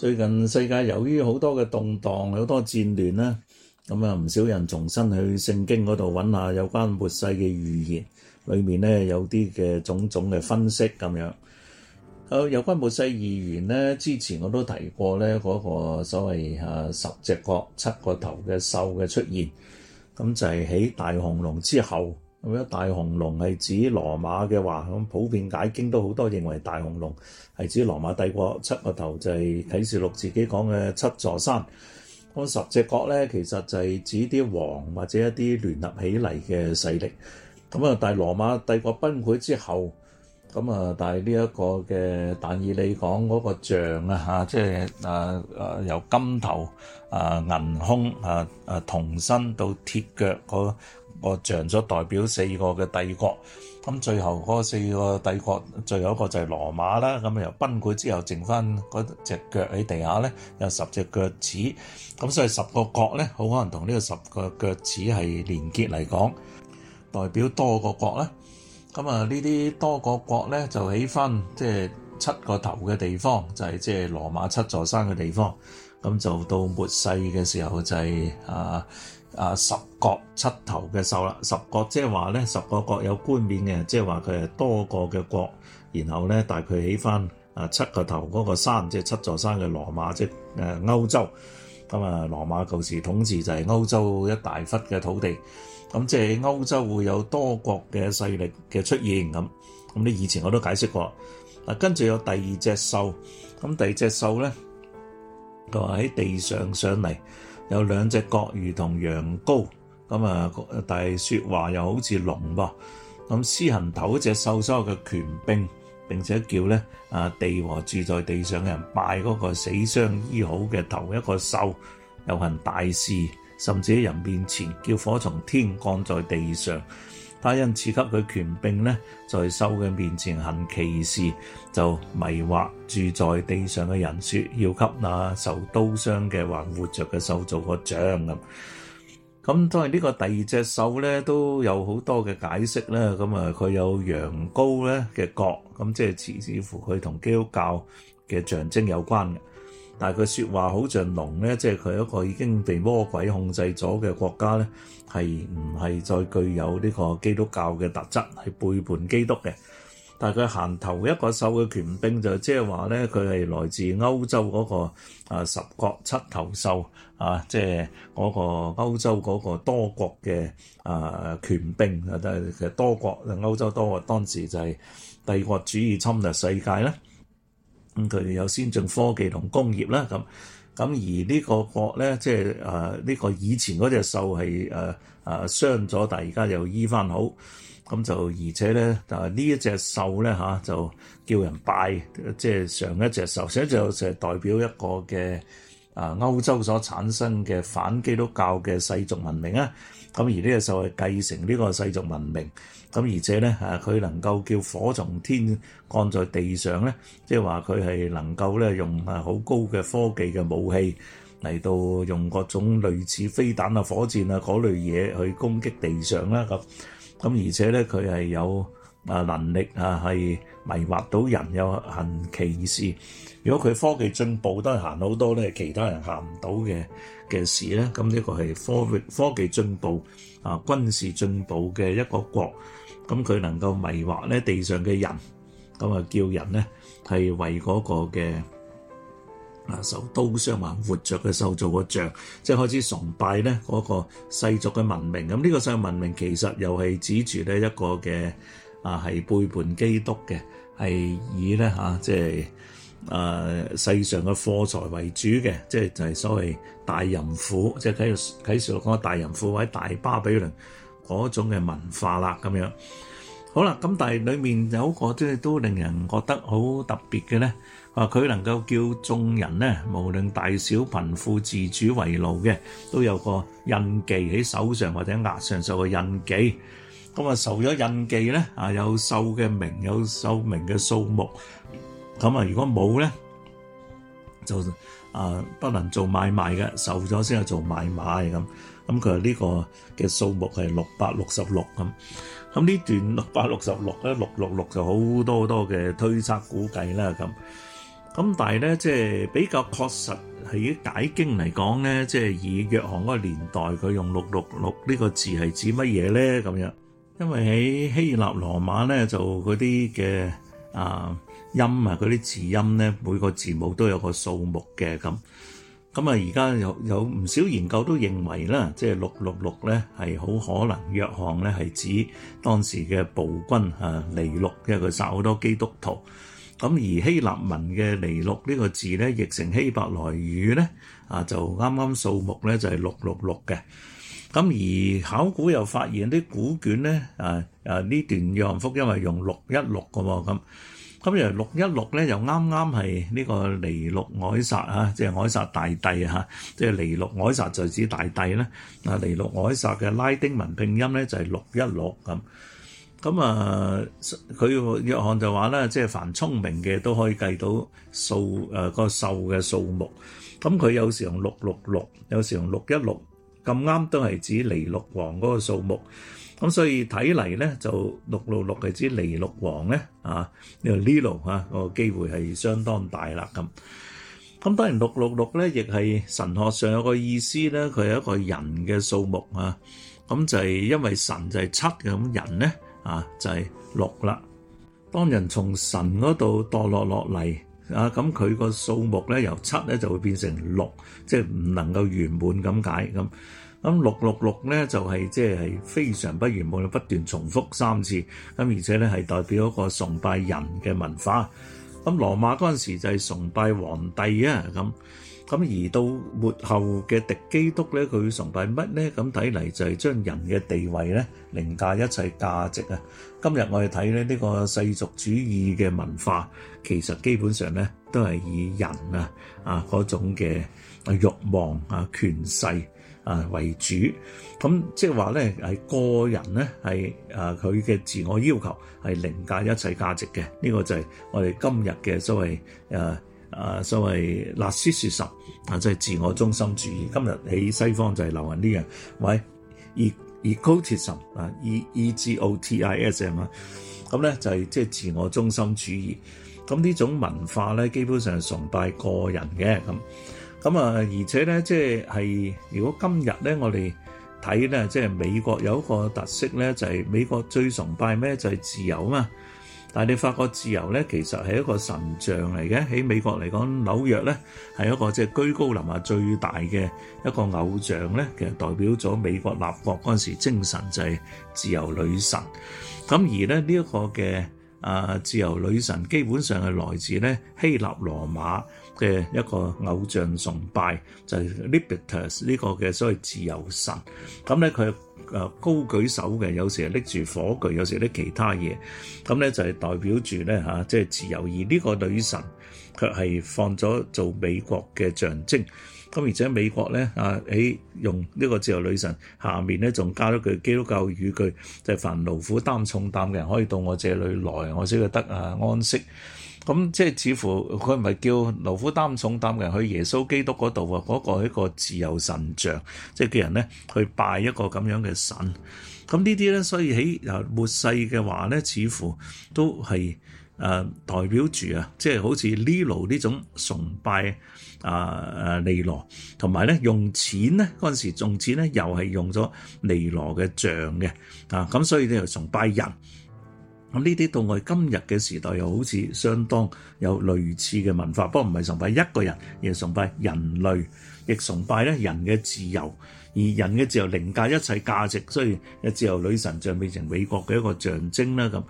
最近世界由於好多嘅動盪，好多戰亂啦，咁啊唔少人重新去聖經嗰度揾下有關末世嘅預言，裏面咧有啲嘅種種嘅分析咁樣。有關末世預言咧，之前我都提過咧，嗰個所謂啊十隻角、七個頭嘅獸嘅出現，咁就係喺大紅龍之後。咁啊，大紅龍係指羅馬嘅話，咁普遍解經都好多認為大紅龍係指羅馬帝國，七個頭就係啟示錄自己講嘅七座山。咁十隻角咧，其實就係指啲王或者一啲聯合起嚟嘅勢力。咁啊，但係羅馬帝國崩潰之後，咁啊，但係呢一個嘅但以理講嗰個像啊，嚇，即係啊啊由金頭啊銀胸啊啊銅身到鐵腳個象咗代表四個嘅帝國，咁最後嗰四個帝國，最後一個就係羅馬啦。咁啊，由崩潰之後，剩翻嗰隻腳喺地下咧，有十隻腳趾，咁所以十個角咧，好可能同呢個十個腳趾係連結嚟講，代表多個角咧。咁啊，呢啲多個角咧，就起翻即係七個頭嘅地方，就係即係羅馬七座山嘅地方。咁就到末世嘅時候就係、是、啊～誒、啊、十國七頭嘅獸啦，十國即係話咧十個國有冠冕嘅，即係話佢係多個嘅國，然後咧大概起翻誒七個頭嗰個山，即係七座山嘅羅馬，即誒歐洲。咁、嗯、啊，羅馬舊時統治就係歐洲一大忽嘅土地，咁即係歐洲會有多國嘅勢力嘅出現咁。咁你以前我都解釋過。啊，跟住有第二隻獸，咁第二隻獸咧，佢話喺地上上嚟。有兩隻角，如同羊羔，咁啊，但係說話又好似龍噃。咁施行頭一隻瘦，所嘅叫權兵。並且叫咧啊，地和住在地上嘅人拜嗰個死傷醫好嘅頭一個獸，又行大事，甚至喺人面前叫火從天降在地上。但因此刻，佢權柄咧，在獸嘅面前行奇事，就迷惑住在地上嘅人，說要給那受刀傷嘅還活着嘅獸做個獎咁。咁當然呢個第二隻獸咧都有好多嘅解釋啦。咁啊，佢有羊羔咧嘅角，咁即係似乎佢同基督教嘅象徵有關嘅。但佢説話好像龍咧，即係佢一個已經被魔鬼控制咗嘅國家咧，係唔係再具有呢個基督教嘅特質，係背叛基督嘅？但係佢行頭一個獸嘅權兵就即係話咧，佢係來自歐洲嗰個啊十國七頭獸啊，即係嗰個歐洲嗰個多國嘅啊權兵啊，即係其實多國啊，歐洲多國當時就係帝國主義侵略世界咧。佢哋有先進科技同工業啦，咁咁而呢個國咧，即係誒呢個以前嗰隻獸係誒誒傷咗，但而家又醫翻好，咁就而且咧，但係呢一隻獸咧嚇就叫人拜，即係上一隻獸，上一隻就係代表一個嘅誒歐洲所產生嘅反基督教嘅世俗文明啊。咁而呢個就係繼承呢個世俗文明，咁而且咧嚇佢能夠叫火從天降在地上咧，即係話佢係能夠咧用啊好高嘅科技嘅武器嚟到用各種類似飛彈啊、火箭啊嗰類嘢去攻擊地上啦。咁咁而且咧佢係有。啊！能力啊，係迷惑到人又行奇事。如果佢科技進步都行好多咧，其他人行唔到嘅嘅事咧，咁呢個係科域科技進步啊，軍事進步嘅一個國，咁佢能夠迷惑咧地上嘅人，咁啊叫人咧係為嗰個嘅啊受刀傷還活着嘅獸做個像，即係開始崇拜咧嗰個世俗嘅文明。咁呢個世俗文明其實又係指住咧一個嘅。啊，係背叛基督嘅，係以咧嚇、啊，即係誒、啊、世上嘅貨財為主嘅，即係就係、是、所謂大淫婦，即係啟誡啟示錄講嘅大淫婦或者大巴比倫嗰種嘅文化啦，咁樣。好啦，咁但係裡面有個即係都令人覺得好特別嘅咧，啊佢能夠叫眾人咧，無論大小貧富，自主為奴嘅，都有個印記喺手上或者額上受嘅印記。咁啊，受咗印記咧，啊有獸嘅名，有獸名嘅數目。咁啊，如果冇咧，就啊不能做買賣嘅，受咗先係做買賣咁。咁佢呢個嘅數目係六百六十六咁。咁呢段六百六十六咧，六六六就好多好多嘅推測估計啦咁。咁但係咧，即係比較確實喺《解經》嚟講咧，即係以約翰嗰個年代，佢用六六六呢個字係指乜嘢咧？咁樣。因為喺希臘羅馬咧，就嗰啲嘅啊音啊嗰啲字音咧，每個字母都有個數目嘅咁。咁啊，而家有有唔少研究都認為啦，即係六六六咧，係好可能約翰咧係指當時嘅暴君啊尼祿，因為佢殺好多基督徒。咁而希臘文嘅尼祿呢個字咧，譯成希伯來語咧啊，就啱啱數目咧就係六六六嘅。咁而考古又發現啲古卷咧，啊啊呢段約翰福音係用六一六嘅喎，咁咁又六一六咧，又啱啱係呢個尼祿凱撒啊，即係凱撒大帝啊，即係尼祿凱撒就指大帝咧，啊尼祿凱撒嘅拉丁文拼音咧就係六一六，咁，咁啊佢約翰就話咧，即係凡聰明嘅都可以計到數，誒、啊、個數嘅數目，咁佢有時用六六六，有時用六一六。咁啱都係指尼祿王嗰個數目，咁所以睇嚟咧就六六六係指尼祿王咧啊，呢度啊個機會係相當大啦咁。咁當然六六六咧亦係神學上有個意思咧，佢係一個人嘅數目啊，咁就係因為神就係七嘅咁，人咧啊就係六啦。當人從神嗰度墮落落嚟。啊，咁佢個數目咧由七咧就會變成六，即係唔能夠圓滿咁解咁。咁六六六咧就係即係非常不圓滿，不斷重複三次，咁而且咧係代表一個崇拜人嘅文化。咁羅馬嗰陣時就係崇拜皇帝啊咁。咁而到末後嘅敵基督咧，佢崇拜乜咧？咁睇嚟就係將人嘅地位咧凌駕一切價值啊！今日我哋睇咧呢個世俗主義嘅文化，其實基本上咧都係以人啊啊嗰種嘅欲望啊權勢啊為主。咁即係話咧係個人咧係啊佢嘅自我要求係凌駕一切價值嘅。呢個就係我哋今日嘅所謂誒。啊，uh, 所謂 narcissism 啊，就係、是、自我中心主義。今日喺西方就係流行呢樣，喂，e e g o t i s m 啊，咁咧、e e 啊、就係即係自我中心主義。咁、啊、呢種文化咧，基本上崇拜個人嘅咁。咁啊，而且咧，即係如果今日咧，我哋睇咧，即係美國有一個特色咧，就係、是、美國最崇拜咩？就係自由嘛。但係你發覺自由咧，其實係一個神像嚟嘅。喺美國嚟講，紐約咧係一個即係、就是、居高臨下最大嘅一個偶像咧，其實代表咗美國立國嗰陣時精神就係自由女神。咁而咧呢一個嘅啊自由女神，基本上係來自咧希臘羅馬嘅一個偶像崇拜就係、是、Libertas 呢個嘅所謂自由神，咁咧佢誒高舉手嘅，有時係拎住火炬，有時拎其他嘢，咁、嗯、咧就係、是、代表住咧嚇，即、啊、係、就是、自由。而、這、呢個女神卻係放咗做美國嘅象徵，咁、嗯、而且美國咧啊，喺、欸、用呢個自由女神下面咧，仲加咗句基督教語句，就係、是、凡勞苦擔重擔嘅人，可以到我這裡來，我先會得，得啊安息。咁即係似乎佢唔係叫勞苦擔重擔嘅，去耶穌基督嗰度啊，嗰、嗰個係一個自由神像，即係叫人咧去拜一個咁樣嘅神。咁呢啲咧，所以喺啊末世嘅話咧，似乎都係誒、呃、代表住啊，即係好似尼羅呢種崇拜啊啊尼羅，同埋咧用錢咧嗰陣時用錢咧又係用咗尼羅嘅像嘅啊，咁所以咧又崇拜人。咁呢啲到我今日嘅時代又好似相當有類似嘅文化，不過唔係崇拜一個人，而係崇拜人類，亦崇拜咧人嘅自由，而人嘅自由凌駕一切價值。所以自由女神像變成美國嘅一個象徵啦，咁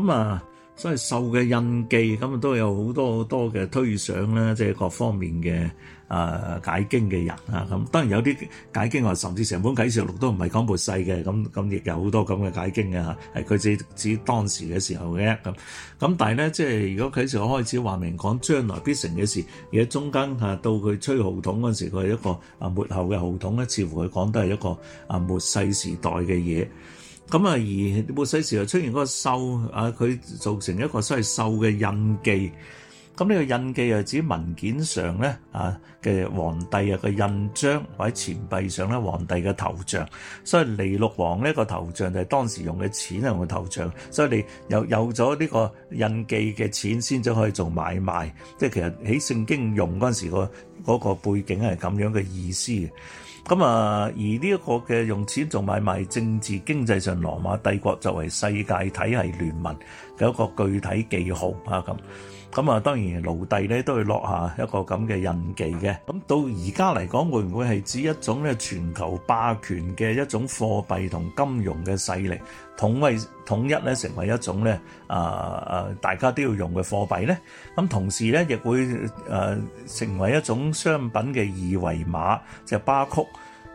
咁啊，所謂受嘅印記咁啊都有好多好多嘅推想啦，即係各方面嘅。誒解經嘅人啊，咁當然有啲解經啊，甚至成本啟示錄都唔係講末世嘅，咁咁亦有好多咁嘅解經嘅嚇，係佢自指當時嘅時候嘅咁，咁但係咧，即係如果啟示錄開始話明講將來必成嘅事，而家中間嚇到佢吹號筒嗰陣時，佢係一個啊末後嘅號筒咧，似乎佢講都係一個啊末世時代嘅嘢，咁啊而末世時候出現嗰個獸啊，佢造成一個所謂獸嘅印記。咁呢個印記係指文件上咧啊嘅皇帝啊嘅印章，或者錢幣上咧皇帝嘅頭像。所以尼祿王呢個頭像就係當時用嘅錢用嘅頭像，所以你有有咗呢個印記嘅錢先至可以做買賣。即係其實喺聖經用嗰陣時個嗰個背景係咁樣嘅意思。咁啊，而呢一個嘅用錢做買賣，政治經濟上羅馬帝國作為世界體系聯盟嘅一個具體記號啊咁。咁啊，當然奴隸咧都會落下一個咁嘅印記嘅。咁到而家嚟講，會唔會係指一種咧全球霸權嘅一種貨幣同金融嘅勢力統為統一咧，成為一種咧啊啊，大家都要用嘅貨幣咧。咁同時咧，亦會誒成為一種商品嘅二維碼，就係巴曲。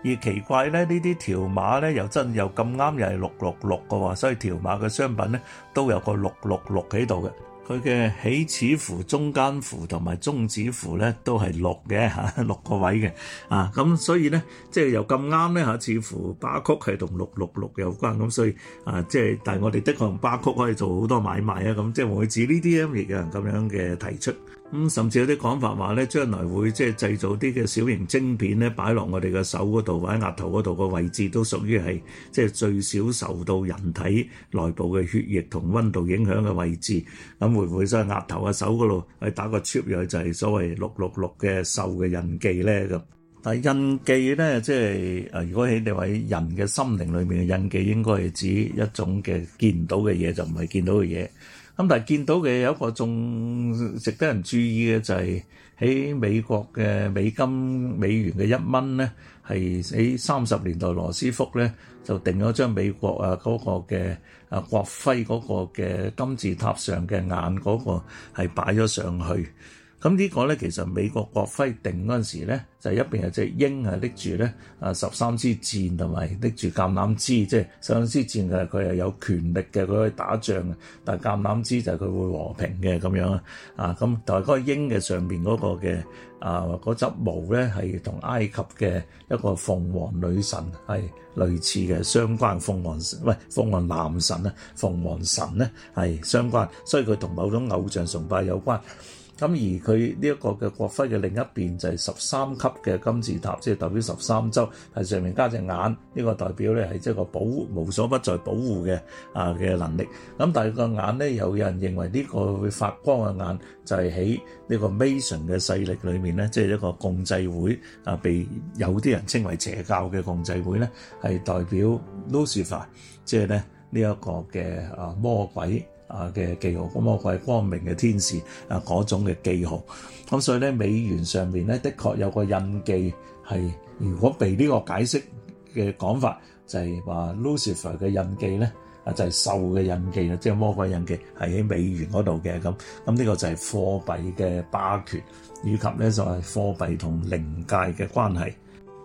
而奇怪咧，呢啲條碼咧又真又咁啱，又係六六六嘅喎，所以條碼嘅商品咧都有個六六六喺度嘅。佢嘅起始符、中間符同埋終止符咧，都係六嘅嚇，六個位嘅啊，咁所以咧，即係又咁啱咧嚇，似乎巴曲係同六六六有關，咁所以啊，即係但係我哋的確同巴曲可以做好多買賣啊，咁即係會指呢啲啊，亦有人咁樣嘅提出。咁、嗯、甚至有啲講法話咧，將來會即係製造啲嘅小型晶片咧，擺落我哋嘅手嗰度，或者額頭嗰度個位置，都屬於係即係最少受到人體內部嘅血液同溫度影響嘅位置。咁會唔會真係額頭啊手嗰度去打個 chip 入去，就係所謂六六六嘅獸嘅印記咧？咁但係印記咧，即係誒，如果你哋話人嘅心靈裏面嘅印記，應該係指一種嘅見唔到嘅嘢，就唔係見到嘅嘢。咁但係見到嘅有一個仲值得人注意嘅，就係、是，喺美國嘅美金美元嘅一蚊咧，係喺三十年代羅斯福咧，就定咗張美國啊嗰個嘅啊國徽嗰個嘅金字塔上嘅眼嗰個係擺咗上去。咁呢個咧，其實美國國徽定嗰陣時咧，就係一邊係隻鷹係拎住咧，啊十三支箭同埋拎住橄欖枝，即係十三支箭啊，佢係有權力嘅，佢去打仗，但橄欖枝就係佢會和平嘅咁樣啊。咁但係嗰個鷹嘅上邊嗰個嘅啊嗰執毛咧，係同埃及嘅一個鳳凰女神係類似嘅相關鳳凰，唔係鳳凰男神啊，鳳凰神咧係相關，所以佢同某種偶像崇拜有關。咁而佢呢一個嘅國徽嘅另一邊就係十三級嘅金字塔，即係代表十三州，喺上面加上隻眼，呢個代表咧係即係個保護，無所不在保護嘅啊嘅能力。咁但係個眼咧，有人認為呢個會發光嘅眼就係喺呢個 Mason 嘅勢力裏面咧，即係一個共濟會啊，被有啲人稱為邪教嘅共濟會咧，係代表 Lucifer，即係咧呢一個嘅啊魔鬼。啊嘅記號，咁魔鬼係光明嘅天使啊嗰種嘅記號，咁所以咧美元上面咧，的確有個印記係，如果被呢個解釋嘅講法就係、是、話 Lucifer 嘅印記咧，啊就係獸嘅印記啦，即、就、係、是、魔鬼印記，係喺美元嗰度嘅咁，咁呢個就係貨幣嘅霸權，以及咧就係貨幣同靈界嘅關係。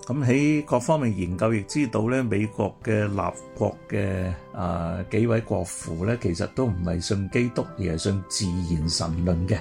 咁喺各方面研究，亦知道咧，美國嘅立國嘅啊幾位國父咧，其實都唔係信基督，而係信自然神論嘅。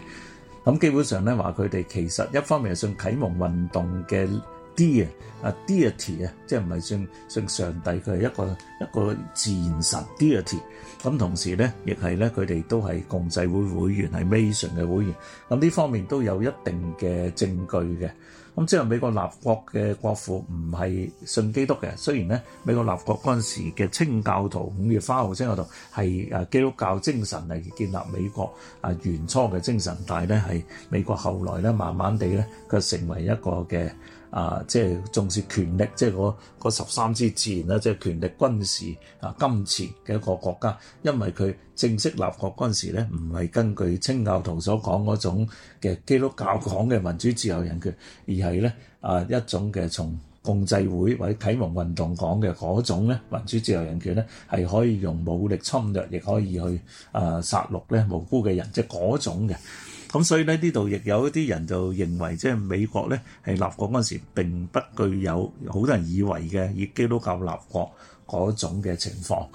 咁基本上咧，話佢哋其實一方面係信啟蒙運動嘅啲啊啊 deity 啊，即係唔係信信上帝，佢係一個一個自然神 deity。咁同時咧，亦係咧，佢哋都係共濟會會員，係 Mason 嘅會員。咁呢方面都有一定嘅證據嘅。咁即係美國立國嘅國父唔係信基督嘅，雖然咧美國立國嗰陣時嘅清教徒、五月花號清教徒係誒基督教精神嚟建立美國啊，原初嘅精神，但咧係美國後來咧慢慢地咧，佢成為一個嘅。啊，即係重視權力，即係嗰十三支箭啦，即係權力、軍事啊、金錢嘅一個國家，因為佢正式立國嗰陣時咧，唔係根據清教徒所講嗰種嘅基督教講嘅民主自由人權，而係咧啊一種嘅從共濟會或者啟蒙運動講嘅嗰種咧民主自由人權咧，係可以用武力侵略，亦可以去啊殺戮咧無辜嘅人，即係嗰種嘅。咁、嗯、所以咧，呢度亦有一啲人就認為，即係美國咧係立國嗰陣時並不具有好多人以為嘅以基督教立國嗰種嘅情況。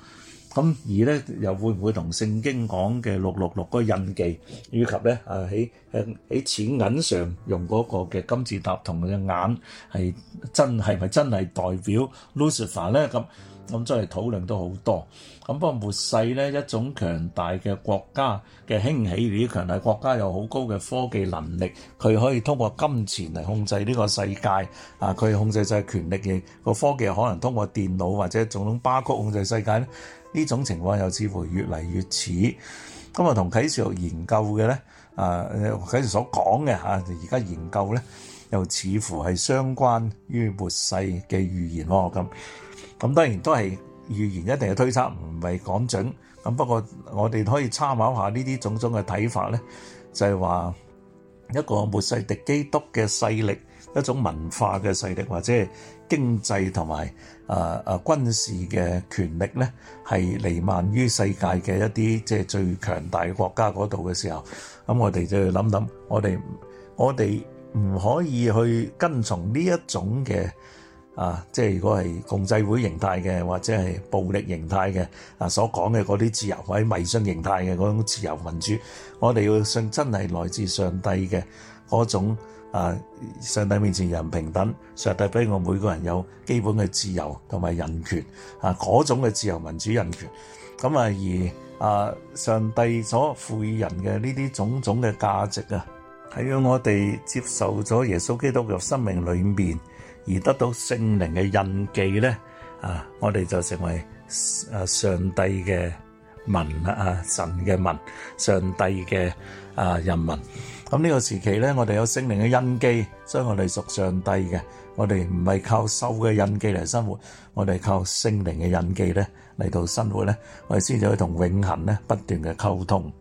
咁、嗯、而咧又會唔會同聖經講嘅六六六個印記，以及咧啊喺誒喺錢銀上用嗰個嘅金字塔同隻眼係真係咪真係代表 Lucifer 咧？咁咁真係討論都好多。咁不過末世咧一種強大嘅國家嘅興起，呢啲強大國家有好高嘅科技能力，佢可以通過金錢嚟控制呢個世界啊！佢控制曬權力嘅，個科技可能通過電腦或者種種 bar code 控制世界咧。呢種情況又似乎越嚟越似咁啊！同啟示研究嘅咧啊，啟示所講嘅嚇，而家研究咧又似乎係相關於末世嘅預言喎。咁、啊、咁當然都係。預言一定係推測唔係講準，咁不過我哋可以參考下呢啲種種嘅睇法咧，就係話一個末世敵基督嘅勢力，一種文化嘅勢力，或者係經濟同埋誒誒軍事嘅權力咧，係瀰漫於世界嘅一啲即係最強大嘅國家嗰度嘅時候，咁我哋就要諗諗，我哋我哋唔可以去跟從呢一種嘅。啊，即係如果係共濟會形態嘅，或者係暴力形態嘅，啊所講嘅嗰啲自由，或者迷信形態嘅嗰種自由民主，我哋要信真係來自上帝嘅嗰種啊，上帝面前人人平等，上帝俾我每個人有基本嘅自由同埋人權啊，嗰種嘅自由民主人權。咁啊而啊，上帝所賦予人嘅呢啲種種嘅價值啊，係讓我哋接受咗耶穌基督嘅生命裏面。而得到聖靈嘅印記咧，啊，我哋就成為啊上帝嘅民啦啊，神嘅民，上帝嘅啊人民。咁呢個時期咧，我哋有聖靈嘅印記，所以我哋屬上帝嘅，我哋唔係靠獸嘅印記嚟生活，我哋靠聖靈嘅印記咧嚟到生活咧，我哋先至可以同永恆咧不斷嘅溝通。